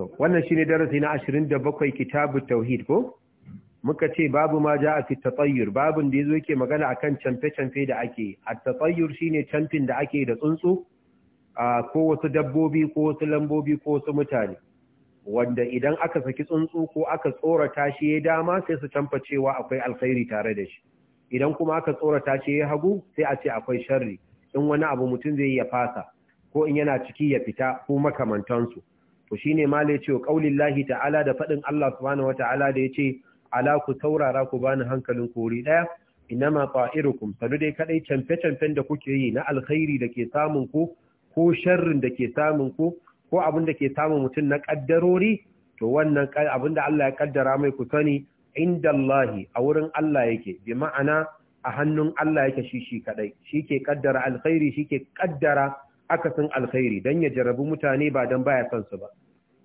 to wannan shine darasi na 27 kitabu tauhid ko muka ce babu ma ja a tattayyur babun da yazo yake magana akan canfe-canfe da ake at-tatayyur shine canfin da ake da tsuntsu a ko wasu dabbobi ko wasu lambobi ko wasu mutane wanda idan aka saki tsuntsu ko aka tsorata shi ya dama sai su canfa cewa akwai alkhairi tare da shi idan kuma aka tsorata shi ya hagu sai a ce akwai sharri in wani abu mutum zai ya fasa ko in yana ciki ya fita ko makamantansu to shine mala yace qaulillahi ta'ala da faɗin Allah subhanahu da da ce ala ku taurara ku bani hankalin kori ɗaya. inama ta'irukum sanu dai kaɗai camfe-camfen da kuke yi na alkhairi da ke samun ku ko sharrin da ke samun ku ko abin da ke samun mutum na ƙaddarori. to wannan abin da Allah ya kaddara mai ku sani inda a wurin Allah yake bi ma'ana a hannun Allah yake shi shi kaɗai shi ke kaddara alkhairi shi ke ƙaddara. akasin alkhairi don ya jarabi mutane ba dan baya son su ba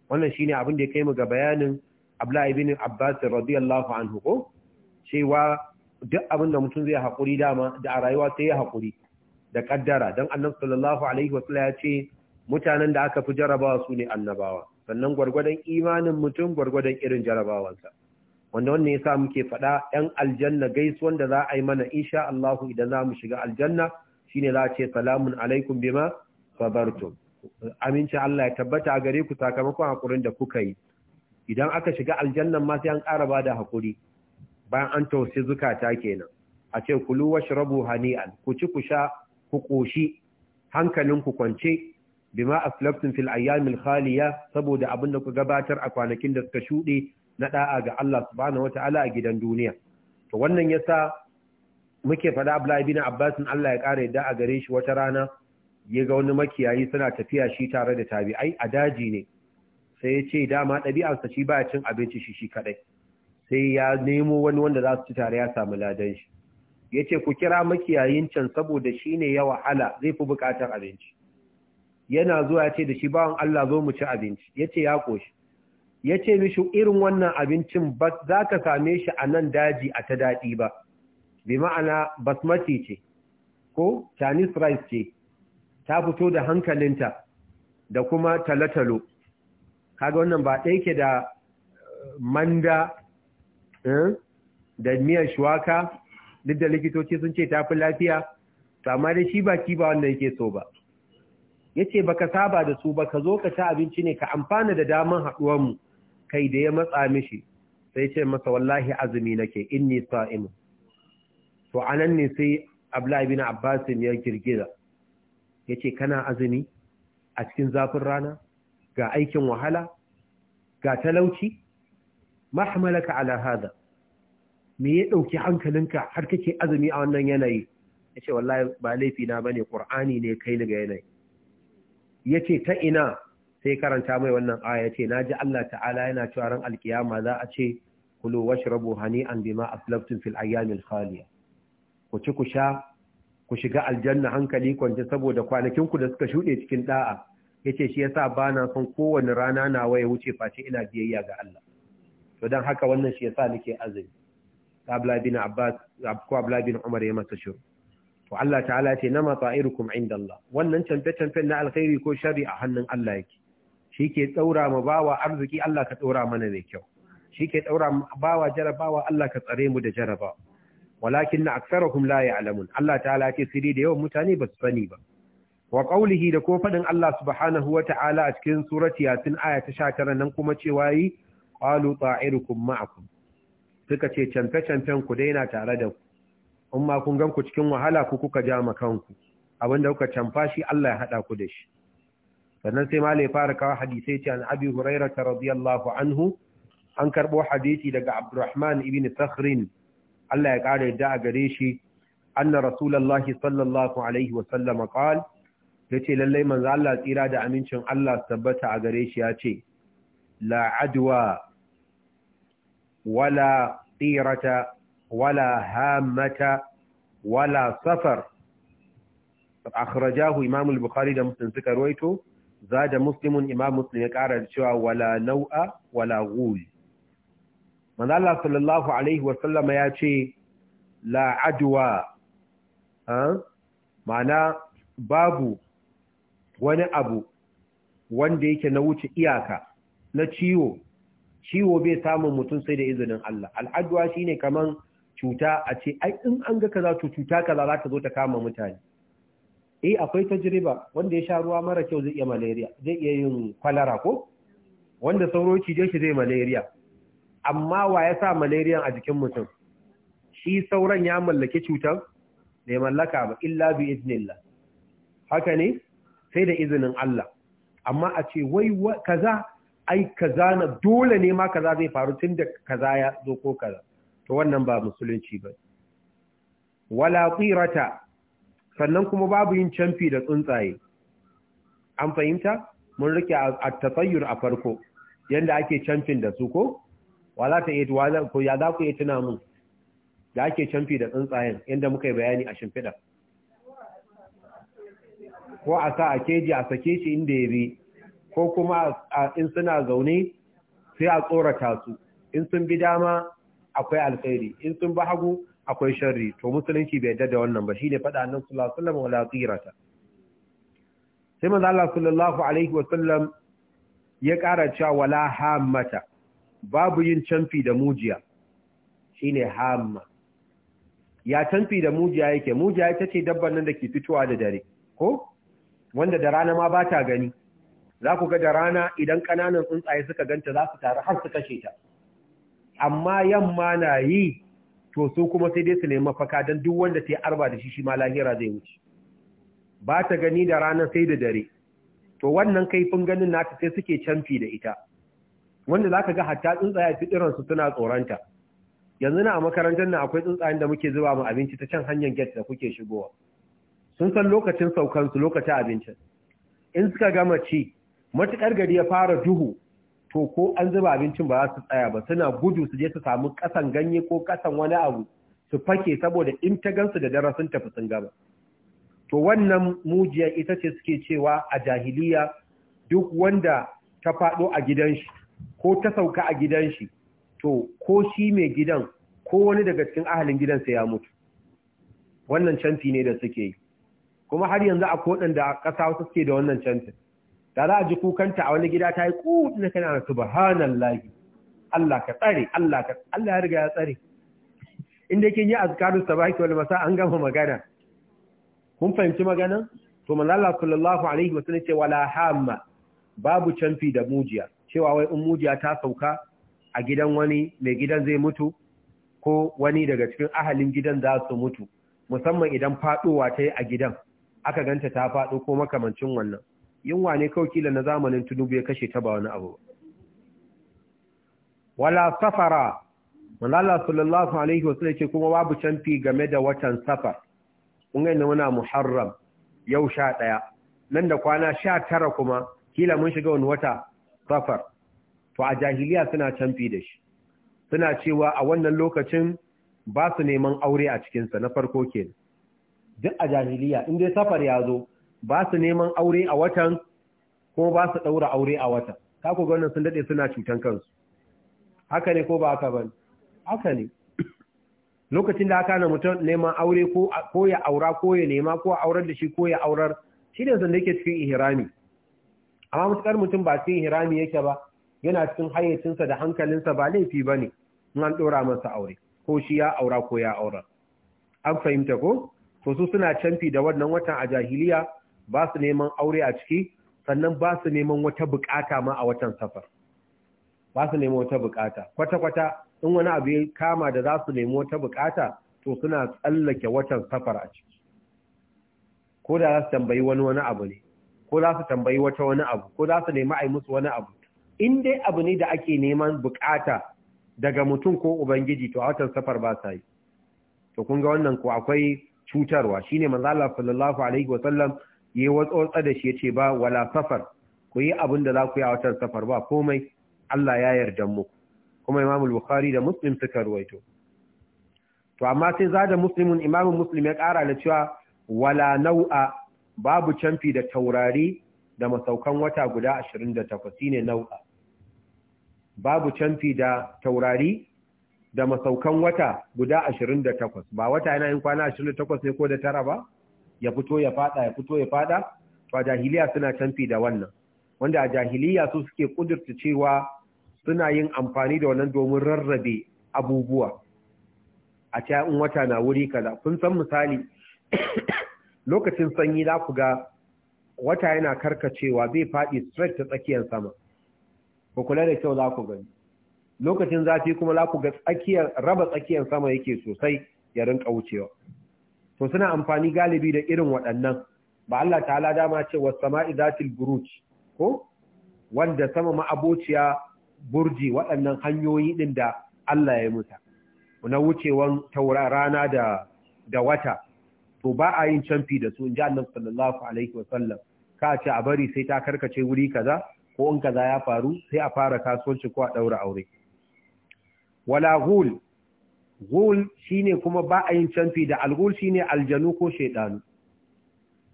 wannan shine abin da ya kai mu ga bayanin Abdullahi ibn Abbas radiyallahu anhu ko cewa duk abin da mutum zai hakuri dama da a rayuwa sai ya hakuri da kaddara don annabi sallallahu alaihi wasallam ya ce mutanen da aka fi jarabawa su ne annabawa sannan gwargwadon imanin mutum gwargwadon irin jarabawansa wanda wannan yasa muke faɗa 'yan aljanna gaisuwan da za a yi mana insha Allah idan za mu shiga aljanna shine za a ce salamun alaikum bima sabartum aminci Allah ya tabbata a gare ku sakamakon hakurin da kuka yi idan aka shiga aljannan ma sai an ƙara ba da hakuri bayan an tausi zukata kenan a ce kulu washrabu hani'an ku ci ku sha ku koshi hankalin ku kwance bima aflaftum fil ayyamil khaliya saboda abin da ku gabatar a kwanakin da suka shuɗe na ɗa'a ga Allah subhanahu wataala a gidan duniya to wannan yasa muke faɗa Abdullahi bin Abbas Allah ya ƙara yadda a gare shi wata rana ya ga wani makiyayi suna tafiya shi tare da tabi'ai a daji ne sai ya ce dama ɗabi'arsa shi baya cin abinci shi shi kaɗai sai ya nemo wani wanda za su ci tare ya samu ladan shi ya ce ku kira makiyayin can saboda shi ne ya wahala zai fi buƙatar abinci yana zuwa ya ce da shi bawan Allah zo mu ci abinci ya ce ya ƙoshi ya ce mishi irin wannan abincin ba za ka same shi a nan daji a ta daɗi ba bi ma'ana basmati ce ko chinese rice ce ta fito da hankalinta da kuma talatalo kaga wannan ba ɗaya ke da eh, manda eh, da miyan shuwaka duk da likitoci sun ce ta fi lafiya to amma dai shi baki ba wannan yake so ba yace ka saba da su ba ka zo ka ci abinci ne ka amfana da daman haɗuwar mu kai da ya matsa mishi sai ce masa wallahi azumi nake inni sa'im to anan ne sai Abdullahi bin Abbas ya girgiza ya ce kana azumi a cikin zafin rana ga aikin wahala ga talauci mahmalaka ala me ya ɗauki hankalinka har kake azumi a wannan yanayi ya ce wallahi ba laifi na ba ne, Ƙur'ani ne kai ni ga yanayi ya ce ta ina sai karanta mai wannan aya ce na ji Allah ta'ala yana cewa ran alkiyama za a ce kulu washrabu hani'an bima aslaftum fil ayyamil khaliya ku ci ku sha ku shiga aljanna hankali kwance saboda kwanakin ku da suka shuɗe cikin da'a yace shi yasa bana son kowanne rana nawa ya wuce face ina biyayya ga Allah to dan haka wannan shi yasa nake azumi abla bin Abbas ko abla bin Umar ya masa shiru to Allah ta'ala ce nama ta'irukum inda Allah wannan canfe canfe na alkhairi ko shari a hannun Allah yake shi ke tsaura ma bawa arziki Allah ka tsaura mana mai kyau shi ke tsaura bawa jarabawa Allah ka tsare mu da jarabawa walakin na aksarahum la ya'lamun Allah ta'ala ce sai da yawan mutane ba su sani ba wa qawlihi da ko fadin Allah subhanahu wa ta'ala a cikin surati yasin aya ta 19 nan kuma cewa yi qalu ta'irukum ma'akum suka ce canta canfen ku daina tare da ku in ma kun gan ku cikin wahala ku kuka ja ma kanku abinda kuka canfa shi Allah ya hada ku da shi sannan sai malai fara kawo hadisai ce an abi hurairah radiyallahu anhu an karbo hadisi daga abdurrahman ibn sakhrin Allah ya ƙara yadda a gare shi anna rasulullahi sallallahu alaihi wa sallam ya yace lallai manzo Allah tsira da amincin Allah tabbata a gare shi yace la adwa wala tsirata wala hamata wala safar Akrajahu imam al-bukhari da muslim suka ruwaito zada muslimun imam muslim ya ƙara da cewa wala nau'a wala ghul manzo Allah sallallahu alaihi wasallama ya ce la ma'ana babu wani abu wanda yake na wuce iyaka na ciwo ciwo bai samun mutum sai da izinin Allah al'adwa shine kaman cuta a ce ai in an ga kaza to cuta kaza za ta zo ta kama mutane eh akwai tajriba wanda ya sha ruwa mara kyau zai iya malaria zai iya yin kwalara ko wanda sauro cije shi zai malaria amma wa ya sa malaria a jikin mutum shi sauran ya mallake cutar mai mallaka ba illa bi iznillah haka ne sai da izinin Allah amma a ce wai kaza ai kaza na dole ne ma kaza zai faru tunda kaza ya zo ko kaza to wannan ba musulunci ba wala qirata sannan kuma babu yin camfi da tsuntsaye an fahimta mun rike a tafayyur a farko yanda ake camfin da su ko Wala ta yi wala ko ya za ku iya tuna mun da ake canfi da tsuntsayen inda muka yi bayani a shimfiɗa ko a sa a keji a sake shi inda ya bi ko kuma in suna zaune sai a tsorata su in sun bi dama akwai alkhairi in sun bi hagu akwai sharri to musulunci bai yadda da wannan ba shine faɗa nan sallallahu alaihi wa sallam sai manzo Allah sallallahu alaihi Sallam ya ƙara cewa wala hamata babu yin canfi da mujiya Shi ne hamma ya canfi da mujiya yake mujiya ita ce dabban nan da ke fitowa da dare ko wanda da rana ma ba ta gani za ku ga da rana idan ƙananan tsuntsaye suka ganta za su taru har su kashe ta amma yamma na yi to su kuma sai dai su nemi mafaka don duk wanda ta yi arba da shi shi ma lahira zai wuce ba ta gani da rana sai da dare to wannan kaifin ganin nata sai suke canfi da ita wanda za ka ga hatta tsuntsaye irin su suna tsoranta yanzu na a makarantar nan akwai tsuntsayen da muke zuba mu abinci ta can hanyar get da kuke shigowa sun san lokacin saukan su lokacin abincin in suka gama ci matukar gari ya fara duhu to ko an zuba abincin ba za su tsaya ba suna gudu su je su samu kasan ganye ko kasan wani abu su fake saboda in ta gansu da dare sun tafi sun gaba to wannan mujiya ita ce suke cewa a jahiliya duk wanda ta faɗo a gidan shi ko ta sauka a gidan shi to ko shi mai gidan ko wani daga cikin ahalin gidansa ya mutu wannan canti ne da suke yi kuma har yanzu a koɗin da ƙasa wasu suke da wannan canti. da za a ji kukanta a wani gida ta yi kuɗi na kana subhanallahi Allah ka tsare Allah ka Allah ya riga ya tsare inda kin yi azkaru sabaki wal masa an gama magana kun fahimci magana to manzo Allah sallallahu alaihi wasallam ce wala hamma babu canfi da mujiya cewa wai in mujiya ta sauka a gidan wani mai gidan zai mutu ko wani daga cikin ahalin gidan za su mutu musamman idan faɗowa ta yi a gidan aka ganta ta faɗo ko makamancin wannan yunwa ne kawai kila na zamanin tunubu ya kashe ta ba wani abu wala safara manala sallallahu alaihi wasallam ce kuma babu canfi game da watan safar kun ga inda muna muharram yau sha ɗaya nan da kwana sha tara kuma kila mun shiga wani wata safar to a jahiliya suna canfi da shi suna cewa a wannan lokacin ba su neman aure a cikinsa na farko ke duk a jahiliya in dai safar ya zo ba su neman aure a watan ko ba su ɗaura aure a watan ta ku ganin sun daɗe suna cutan kansu haka ne ko ba haka ba haka ne lokacin da aka na mutum neman aure ko ya aura ko ya nema ko aurar da shi ko ya aurar shi ne zan da yake cikin ihrami amma mutukar mutum ba cikin hirami yake ba yana cikin hayyacinsa da hankalinsa ba laifi ba ne in an ɗora masa aure ko shi ya aura ko ya aura an fahimta ko to su suna canfi da wannan watan a jahiliya ba su neman aure a ciki sannan ba su neman wata bukata ma a watan safar ba su neman wata bukata kwata-kwata in wani abu ya kama da za su nemi wata bukata to suna tsallake watan safar a ciki ko da za su tambayi wani wani abu ne ko za su tambayi wata wani abu ko za su nemi a musu wani abu in dai abu ne da ake neman bukata daga mutum ko ubangiji to a watan safar ba sa yi to kun ga wannan ko akwai cutarwa shine manzo Allah sallallahu alaihi wa sallam yayi watsotsa da shi yace ba wala safar ku yi abin da za ku yi a watan safar ba komai Allah ya yarda mu kuma Imam Bukhari da Muslim suka ruwaito to amma sai zada muslimun Imam Muslim ya kara da cewa wala nau'a babu canfi da taurari da masaukan wata guda 28 shine nau'a babu canfi da taurari da masaukan wata guda 28 ba wata yana yin kwana 28 ne ko da tara ba ya fito ya fada ya fito ya fada to a jahiliya suna canfi da wannan wanda a jahiliya su suke kudurta cewa suna yin amfani da wannan domin rarrabe abubuwa a ce wata na wuri kaza kun san misali lokacin sanyi za ku ga wata yana karkacewa zai faɗi straight ta tsakiyar sama ku kula da kyau za ku gani lokacin zafi kuma za ku ga tsakiyar raba tsakiyar sama yake sosai ya rinka wucewa to suna amfani galibi da irin waɗannan ba Allah ta'ala dama ce wa sama'i zatil buruj ko wanda sama ma'abociya burji waɗannan hanyoyi din da Allah ya yi muta na wucewan taura rana da da wata to ba a yin canfi da su in ji Allah sallallahu alaihi wasallam ka ce a bari sai ta karkace wuri kaza ko in kaza ya faru sai a fara kasuwanci ko a daura aure wala ghul ghul shine kuma ba a yin canfi da alghul shine aljanu ko shaydanu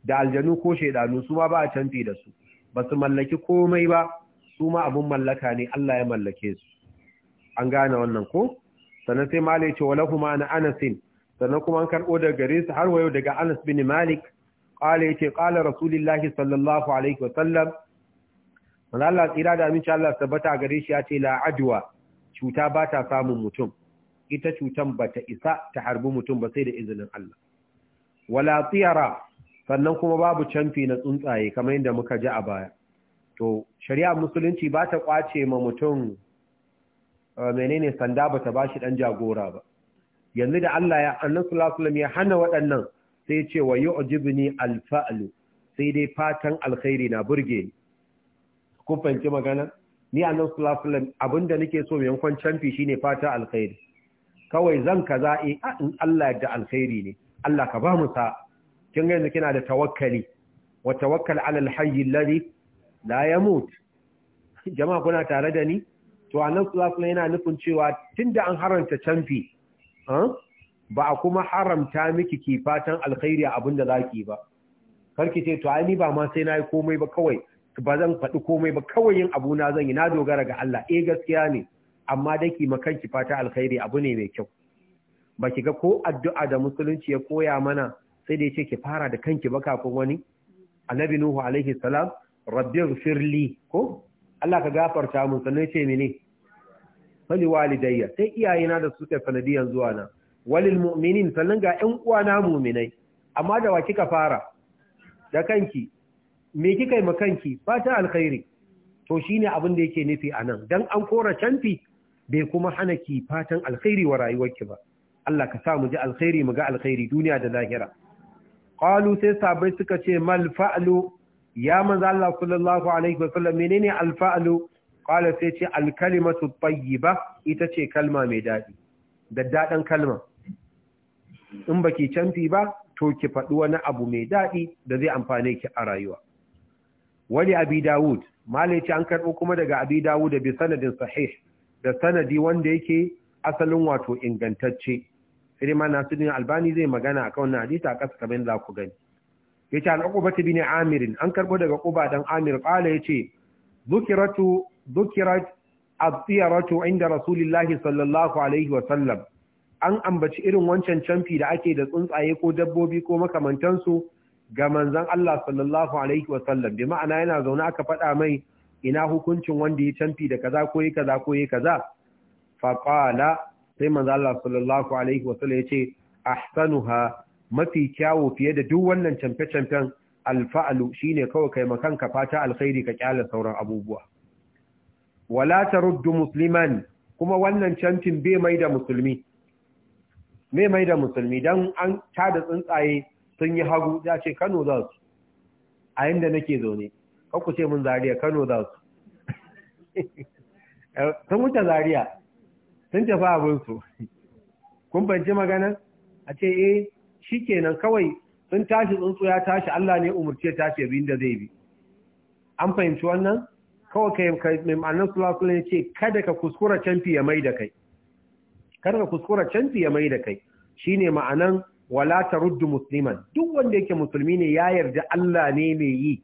da aljanu ko shaydanu su ba a canfi da su ba su mallaki komai ba su ma abun mallaka ne Allah ya mallake su an gane wannan ko sannan sai malai ce wala na anasin sannan kuma an karɓo daga gare su har wayo daga Anas bin Malik qala yace qala rasulullahi sallallahu alaihi wa sallam Allah tsira da aminci Allah tabbata gare shi yace la adwa cuta ba ta samun mutum ita cutan ba ta isa ta harbi mutum ba sai da izinin Allah wala tiyara sannan kuma babu canfi na tsuntsaye kamar yadda muka ji a baya to shari'a musulunci ba ta kwace ma mutum uh, menene sanda ba ta bashi dan jagora ba yanzu da Allah ya annabi sallallahu alaihi ya hana waɗannan sai ya ce wa yu'jibni al-fa'lu sai dai fatan alkhairi na burge ni kun fahimci magana ni annabi sallallahu alaihi abinda nake so mai yankon canfi shine fata alkhairi kawai zan kaza eh in Allah da alkhairi ne Allah ka ba mu sa kin ga yanzu kina da tawakkali wa tawakkal ala al-hayy alladhi la yamut jama'a kuna tare da ni to annabi sallallahu alaihi yana nufin cewa tunda an haranta canfi ba a kuma haramta miki ki fatan alkhairi abin da zaki ba karki ce to ai ni ba ma sai nayi komai ba kawai ba zan faɗi komai ba kawai yin abu na zan yi na dogara ga Allah eh gaskiya ne amma ki daki makanki fata alkhairi abu ne mai kyau ba ki ga ko addu'a da musulunci ya koya mana sai da yace ki fara da kanki ba kafin wani annabi nuhu alaihi salam rabbighfirli ko Allah ka gafarta mun sannan ce mene fali walidayya sai iyayena da suke sanadiyan zuwa na walil mu'minin sannan ga ƴan na mu'minai amma da wa kika fara da kanki me kika yi ma kanki Fatan alkhairi to shine abin da yake nufi anan dan an kora canfi bai kuma hana ki fatan alkhairi wa rayuwarki ba Allah ka sa mu ji alkhairi mu ga alkhairi duniya da lahira qalu sai sabai suka ce mal fa'lu ya manzo Allah sallallahu alaihi wasallam menene al fa'lu Kwale sai ce su kalimatu tayyiba ita ce kalma mai daɗi da daɗin kalma in baki canfi ba to ki faɗi wani abu mai daɗi da zai amfane ki a rayuwa Wani abi dawud ce an karɓo kuma daga abi dawud bi sanadin sahih da sanadi wanda yake asalin wato ingantacce sai ma nasirin albani zai magana akan wannan hadisi a kasa kamar za ku gani yace al-uqba bin amir an karɓo daga quba dan amir qala yace dhukiratu dhukirat at-tiyaratu inda rasulillahi sallallahu alaihi wa sallam an ambaci irin wancan camfi da ake da tsuntsaye ko dabbobi ko makamantansu ga manzan Allah sallallahu alaihi wa sallam bi ma'ana yana zaune aka faɗa mai ina hukuncin wanda ya camfi da kaza ko yi kaza ko yi kaza fa qala sai manzon Allah sallallahu alaihi wa sallam yace ahsanuha mafi kyawu fiye da duk wannan camfe-camfen alfa'alu shi ne kawai kai makanka fata alkhairi ka kyala sauran abubuwa wala ruddu musulman kuma wannan cancin bai mai da musulmi mai mai da musulmi don an tada tsuntsaye sun yi hagu ya ce Kano za su a da nake zaune ku ce mun zariya Kano za su sun wuce zariya sun tafi abin su kun banci magana a ce eh kenan kawai Sun tashi tsuntsu ya tashi Allah ne umurce tashi bin da zai bi an fahimci wannan kawai kai mai ma'anar sulasulun ya ce kada ka kuskura canfi ya mai da kai kada ka kuskura canfi ya mai da kai shi ne ma'anan wala ta ruddu musulman duk wanda yake musulmi ne ya yarda Allah ne mai yi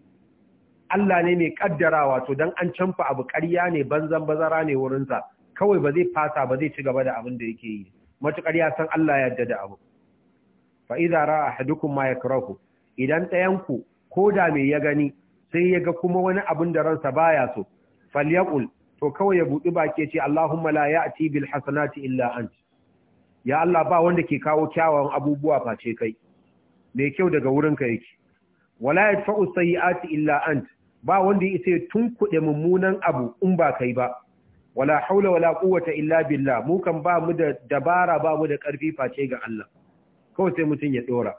Allah ne mai kaddarawa to don an canfa abu ƙarya ne banzan bazara ne wurinsa kawai ba zai fasa ba zai ci gaba da abin da yake yi matuƙar ya san Allah ya yarda da abu fa idza ra ahadukum ma yakrahu idan ɗayan ko da me ya gani sai ya ga kuma wani abun da ransa baya so falyaqul to kawai ya buɗe baki ce Allahumma la ya'ti bil hasanati illa ant ya Allah ba wanda ke kawo kyawawan abubuwa face kai me kyau daga wurinka yake wala yadfa'u sayyi'ati illa ant ba wanda ya isa tunkuɗe mummunan abu in ba kai ba wala haula wala quwwata illa billah mu kan ba mu da dabara ba mu da karfi face ga Allah kawai sai mutum ya dora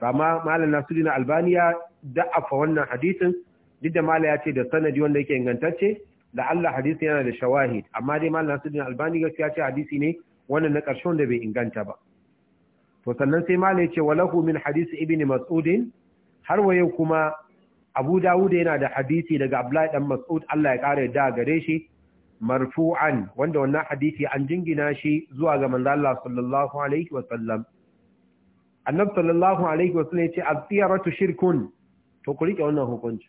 amma malam Nasiru na albani ya da'afa wannan hadisin duk da Malam ya ce da sanadi wanda yake ingantacce da Allah hadisi yana da shawahid amma dai malam Nasiru na albani gaskiya ce hadisi ne wannan na ƙarshen da bai inganta ba to sannan sai Malam ya ce walahu min hadisi ibni mas'udin har waye kuma abu dawud yana da hadisi daga abdullahi dan mas'ud Allah ya kare da gare shi marfu'an wanda wannan hadisi an jingina shi zuwa ga manzo Allah sallallahu alaihi wa sallam annabi sallallahu alaihi wasallam ya ce aziyaratu shirkun to ku rike wannan hukunci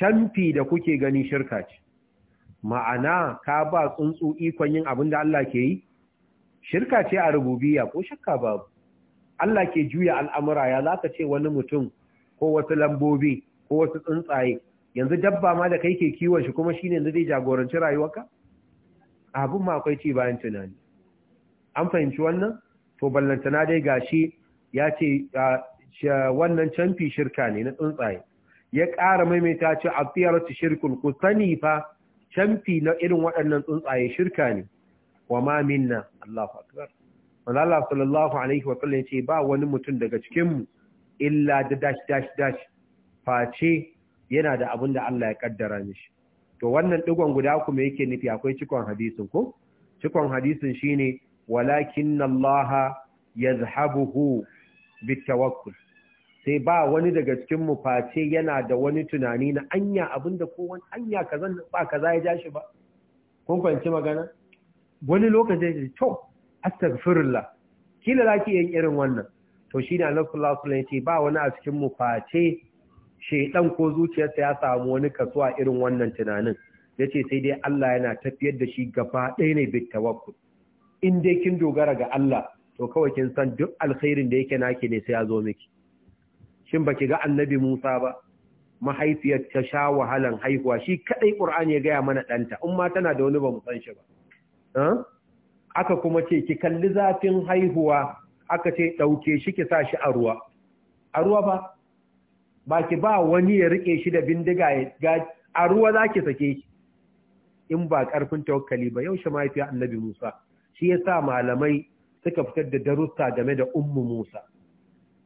canfi da kuke gani shirka ce ma'ana ka ba tsuntsu ikon yin abin da Allah ke yi shirka ce a rububiyya ko shakka babu Allah ke juya al'amura ya zaka ce wani mutum ko wasu lambobi ko wasu tsuntsaye yanzu dabba ma da kai ke kiwon shi kuma shine yanzu zai jagoranci rayuwarka abin ma akwai ci bayan tunani an fahimci wannan to ballantana dai gashi ya ce ah, wannan canfi shirka ne na tsuntsaye ya ƙara maimaita ce a fiyarci shirkun ku sani fa canfi na irin waɗannan tsuntsaye shirka ne wa ma minna Allahu akbar Allah sallallahu alaihi wa sallam ce ba wani mutum daga cikin mu illa da dash dash dash face yana da abin da Allah ya kaddara mishi to wannan digon guda kuma yake nufi akwai cikon hadisin ko cikon hadisin shine walakin Allah yazhabuhu bitawakul sai ba wani daga cikin mu face yana da wani tunani na anya abinda ko wani anya kazan ba kaza ya ja shi ba kun fahimci magana wani lokacin ne to astaghfirullah kila zaki yin irin wannan to shine na sallallahu alaihi wasallam ba wani a cikin mu face shedan ko zuciyarsa ya samu wani kasuwa irin wannan tunanin yace sai dai Allah yana tafiyar da shi gaba ɗaya ne bitawakul in dai kin dogara ga Allah to kawai kin san duk alkhairin da yake naki ne sai ya zo miki shin baki ga annabi Musa ba mahaifiyar ta sha wahalan haihuwa shi kadai Qur'ani ya gaya mana danta Umma tana da wani ba mu san shi ba aka kuma ce ki kalli zafin haihuwa aka ce dauke shi ki sa shi a ruwa a ruwa ba ba ki ba wani ya rike shi da bindiga ya a ruwa zaki sake shi in ba karfin tawakkali ba yau shi mahaifiya annabi Musa shi yasa malamai suka fitar da darussa game da ummu Musa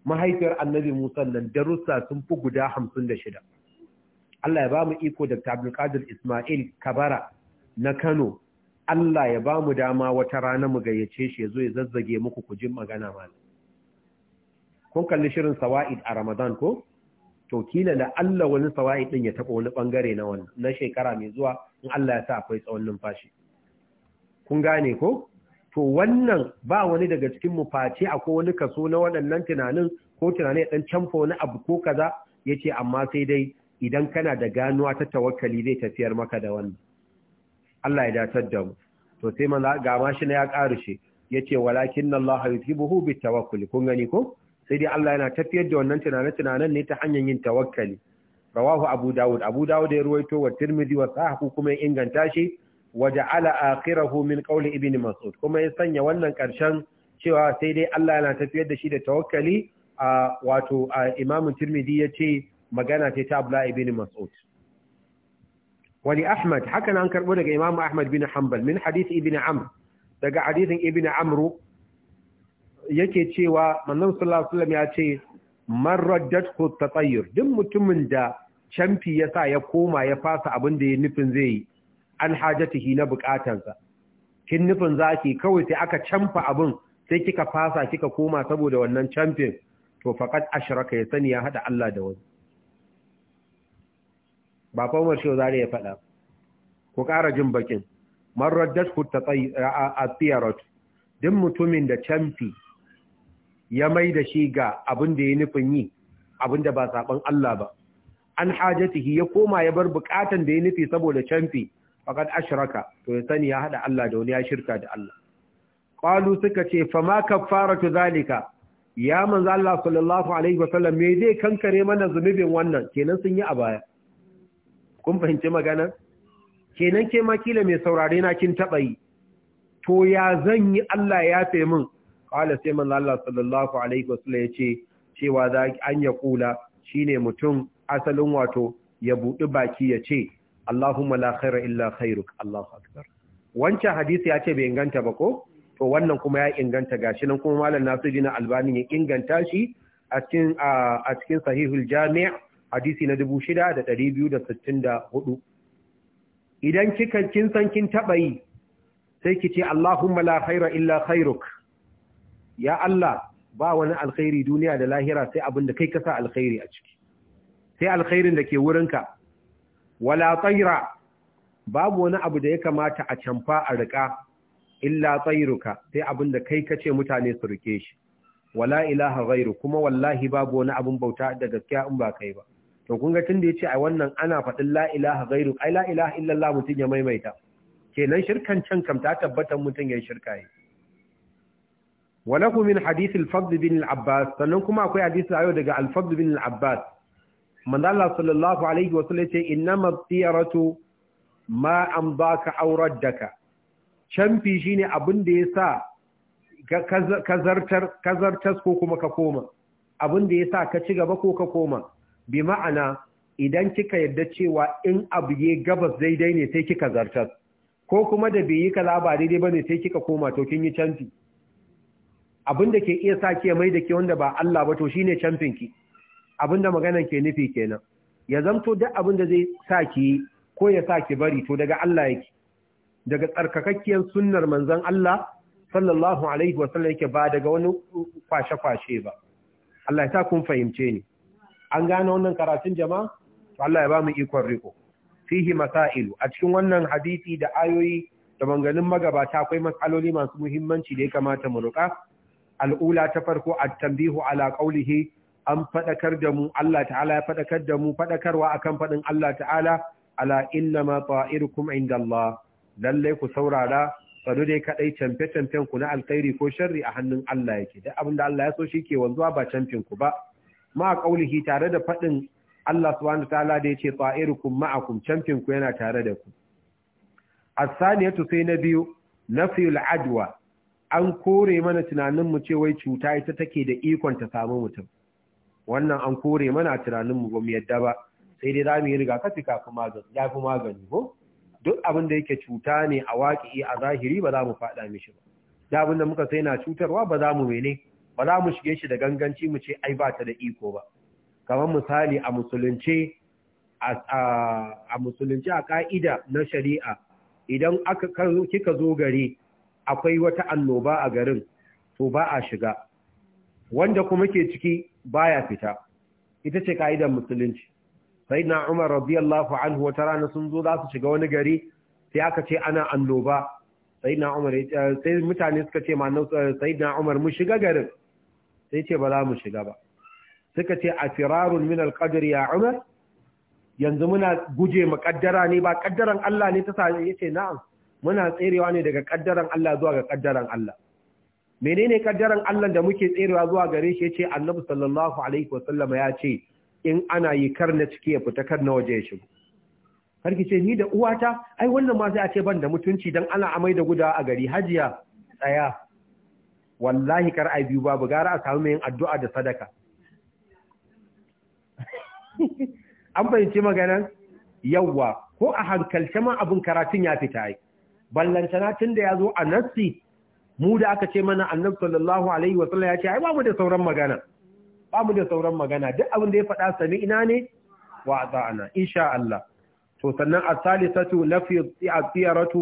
mahaifiyar annabi Musa nan darussa sun fi guda hamsin da shida Allah ya ba mu iko da Qadir Ismail Kabara na Kano Allah ya ba mu dama wata rana mu gayyace shi ya zo ya zazzage muku ku jin magana mana. kun kalli shirin sawa'id a Ramadan ko to kila da Allah wani sawa'id din ya taba wani bangare na wannan na shekara mai zuwa in Allah ya sa akwai tsawon numfashi kun gane ko to wannan ba wani daga cikin mu face akwai wani kaso na waɗannan tunanin ko tunanin ya ɗan canfa wani abu ko kaza Ya ce amma sai dai idan kana da ganuwa ta tawakkali zai tafiyar maka da wannan Allah ya datar da mu to sai manzo ga ma shi ya karshe yace walakin Allah yuhibuhu tawakkali kun gani ko sai dai Allah yana tafiyar da wannan tunanin tunanin ne ta hanyar yin tawakkali rawahu abu dawud abu dawud ya ruwaito wa tirmidhi wa sahahu kuma ya inganta shi waja'ala akhirahu min qawli ibn mas'ud kuma ya sanya wannan karshen cewa sai dai Allah yana tafiyar da shi da tawakkali a wato imamu tirmidhi ce magana ce ta abla ibn mas'ud Wani ahmad hakan an karbo daga imamu ahmad bin hanbal min hadith ibn amr daga hadithin ibn amr yake cewa manzon sallallahu alaihi wasallam ya ce man raddathu tatayyur duk mutumin da camfi ya sa ya koma ya fasa abin da ya nufin zai yi an hajatihi na bukatansa kin nufin zaki kawai sai aka camfa abun sai kika fasa kika koma saboda wannan camfin to faqad ashraka ya sani ya hada Allah da wani ba fa Umar shi zare ya fada ku ƙara jin bakin man raddat ku tsayarat din mutumin da camfi ya mai da shi ga abin da ya nufin yi abin da ba saban Allah ba an hajatihi ya koma ya bar bukatan da ya nufi saboda camfi faqad ashraka to ya sani ya haɗa Allah da wani ya shirka da Allah qalu suka ce fama kaffaratu zalika ya manzo Allah sallallahu alaihi wasallam me zai kankare mana zunubin wannan kenan sun yi a baya kun fahimci magana kenan ke ma kila mai saurare na kin taɓa yi to ya zan yi Allah ya fe min qala sai manzo Allah sallallahu alaihi wasallam ya ce cewa za an ya kula shine mutum asalin wato ya buɗi baki ya ce Allahumma la khaira illa khairuk Allahu akbar wancan hadisi ya ce bai inganta ba ko to wannan kuma ya inganta gashi nan kuma malam na Albani ya inganta shi a cikin a cikin Sahihul Jami' hadisi na 6264 idan kika kin san kin taba yi sai ki ce Allahumma la khaira illa khairuk ya Allah ba wani alkhairi duniya da lahira sai abin da kai ka sa alkhairi a ciki sai alkhairin da ke wurinka wala tsaira babu wani abu da ya kamata a canfa a riƙa illa tsairuka sai abin da kai kace mutane su rike shi wala ilaha ghairu kuma wallahi babu wani abin bauta da gaskiya in ba kai ba to kun ga tunda yace ai wannan ana faɗin la ilaha ghairu ai la ilaha illallah mutun ya maimaita kenan shirkan can kam ta tabbatar mutun ya shirka yi walakum min hadith al-fadl bin al-abbas sannan kuma akwai hadisi ayo daga al-fadl bin al-abbas Allah sallallahu alaihi wa sallam ce innama tiyaratu ma an baka aurar canfi shine abin da yasa kazartar kazartas ko kuma ka koma abin da yasa ka ci gaba ko ka koma bi ma'ana idan kika yarda cewa in abu ye gabas daidai ne sai kika zartas ko kuma da bai yi kaza ba daidai bane sai kika koma to kin yi canfi abin da ke iya sa ke mai da ke wanda ba Allah ba to shine canfin ki abinda maganan ke nufi kenan ya zamto duk abinda zai sa ki ko ya sa ki bari to daga Allah yake daga tsarkakakkiyar sunnar manzon Allah sallallahu alaihi wa sallam yake ba daga wani kwashe-kwashe ba Allah ya sa kun fahimce ni an gane wannan karatun jama'a Allah ya ba mu ikon riko fihi masailu a cikin wannan hadisi da ayoyi da manganin magabata akwai matsaloli masu muhimmanci da ya kamata mu ruka al'ula ta farko at-tanbihu ala qawlihi an faɗakar da mu Allah ta'ala ya faɗakar da mu faɗakarwa akan faɗin Allah ta'ala ala inna ma ta'irukum inda Allah lallai ku saurara tsaro dai kadai camfe camfen ku na alkhairi ko sharri a hannun Allah yake duk abinda Allah ya so shi ke wanzuwa ba canfin ku ba ma kaulihi tare da faɗin Allah subhanahu ta'ala da yace ta'irukum ma'akum canfin ku yana tare da ku as-saniyatu sai na biyu nafiyul adwa an kore mana tunanin mu ce wai cuta ita take da ikon ta samu mutum wannan an kore mana tunanin mu ba mu yadda ba sai dai zamu yi rigakafi kafin magani ya fi magani ko duk abin da yake cuta ne a waƙi a zahiri ba za mu faɗa mishi ba da abin da muka sai na cutarwa ba za mu mene ba za mu shige shi da ganganci mu ce ai ba ta da iko ba kamar misali a musulunce a musulunci a ka'ida na shari'a idan aka kika zo gari akwai wata annoba a garin to ba a shiga wanda kuma ke ciki baya fita ita ce ka'idar musulunci sai na umar radiyallahu anhu wata rana sun zo za su shiga wani gari sai aka ce ana annoba sai na umar eh, sai mutane suka ce ma eh, sai na umar mu shiga garin sai ce ba za mu shiga ba suka ce a firarun min alqadar ya umar yanzu muna guje ma kaddara ne ba kaddaran Allah ne ta sa yace na'am muna tserewa ne daga kaddaran Allah zuwa ga kaddaran Allah menene kaddaran Allah da muke tserewa zuwa gare shi yace Annabi sallallahu alaihi wasallam ya ce in ana yi kar na ciki ya fita kar na waje ya shigo har ki ce ni da uwata ai wannan ma sai a ce ban da mutunci dan ana amai da gudawa a gari hajiya tsaya wallahi kar ai biyu babu gara a samu yin addu'a da sadaka an fahimci maganar yawwa ko a hankalce ma abin karatun ya fita yi ballantana tun da ya zo a nassi mu da aka ce mana annabi sallallahu alaihi wa ya ce ai ba da sauran magana ba da sauran magana duk abin da ya faɗa sami ina ne wa ata'ana insha Allah to sannan as-salisatu lafi at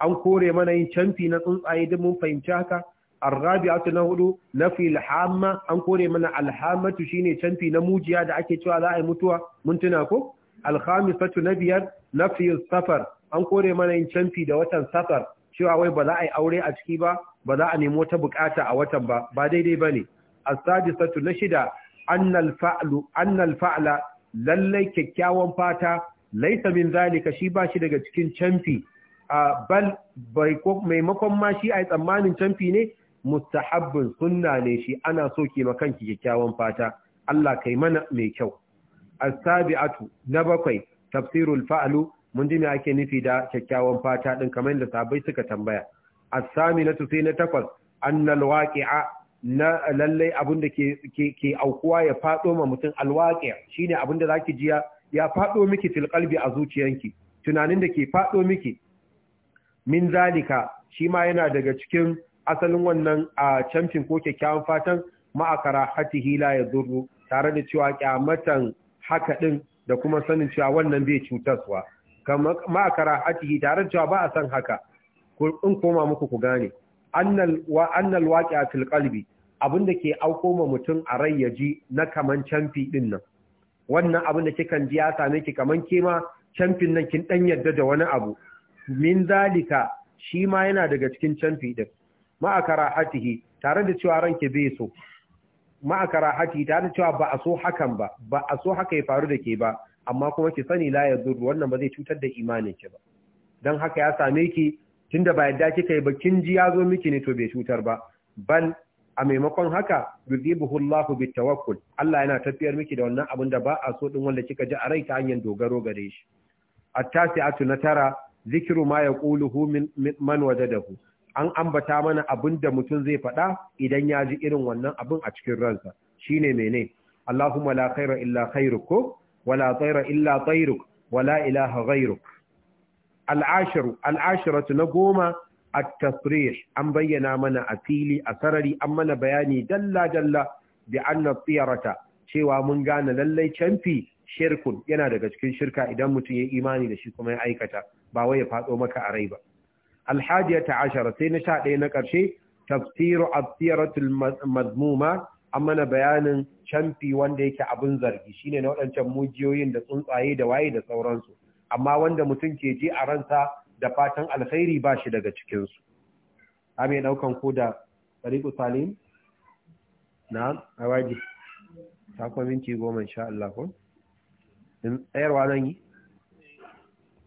an kore mana yin canfi na tsuntsaye duk mun fahimci haka ar-rabi'atu na hudu nafi al-hamma an kore mana al-hamatu shine canfi na mujiya da ake cewa za a yi mutuwa mun tuna ko al-khamisatu na biyar nafi safar an kore mana yin canfi da watan safar cewa wai ba za a yi aure a ciki ba ba za a nemo ta bukata a watan ba ba daidai ba ne asadisatu na shida annal fa'lu fa'la lallai kyakkyawan fata laisa min zalika shi ba shi daga cikin canfi bal bai maimakon ma shi yi tsammanin canfi ne mustahabbin sunna ne shi ana so ki makanki kyakkyawan fata Allah kai mana mai kyau as-sabi'atu na bakwai tafsirul fa'lu mun ji me ake nufi da kyakkyawan fata din kamar yadda sabai suka tambaya as-saminatu sai na takwas an waqi'a na lallai abin da ke aukuwa ya faɗo ma mutum alwaqi'a shine abin da zaki jiya ya faɗo miki til a zuciyanki tunanin da ke faɗo miki min zalika shi ma yana daga cikin asalin wannan a camfin ko kyakkyawan fatan ma'akara hila ya yadurru tare da cewa kyamatan haka din da kuma sanin cewa wannan bai cutarwa ma'akara hatihi tare da cewa ba a san haka in koma muku ku gane annal waƙi a tilƙalbi abinda ke auko ma mutum a rai ya ji na kaman canfi ɗin nan wannan abinda da kikan ji ya same ki kaman kema canfin nan kin ɗan yadda da wani abu min zalika shi ma yana daga cikin canfi ɗin ma'akara hatihi tare da cewa ranke bai so ma'akara hati tare da cewa ba a so hakan ba ba a so haka ya faru da ke ba amma kuma ki sani la ya wannan ba zai cutar da imanin ki ba dan haka ya same ki da ba yadda kika yi ba kin ji ya zo miki ne to bai cutar ba bal a maimakon haka yuzibuhu Allahu bitawakkul Allah yana tafiyar miki da wannan abin da ba a so din wanda kika ji a rai ta hanyar dogaro gare shi at-tasi'atu na tara zikru ma ya yaquluhu min man wajadahu an ambata mana abin da mutum zai faɗa idan ya ji irin wannan abin a cikin ransa shine mene Allahumma la khaira illa khairuk wala tayra illa tayruk wala ilaha ghayruk al'ashiru al'ashiratu na goma a tasrih an bayyana mana a fili a sarari an mana bayani dalla dalla bi anna tsiyarata cewa mun gane lallai canfi shirkun yana daga cikin shirka idan mutum ya imani da shi kuma ya aikata ba wai ya faɗo maka a rai ba alhajiya ta ashara sai na sha ɗaya na ƙarshe tafsiru asiratul mazmuma an mana bayanin camfi wanda yake abin zargi shine na waɗancan mujiyoyin da tsuntsaye da waye da sauransu amma wanda mutum ke ji a ransa da fatan alkhairi ba shi daga cikinsu ame daukan ko da tariku salim na awaji ta kuma minti goma insha Allah ko in tsayarwa nan yi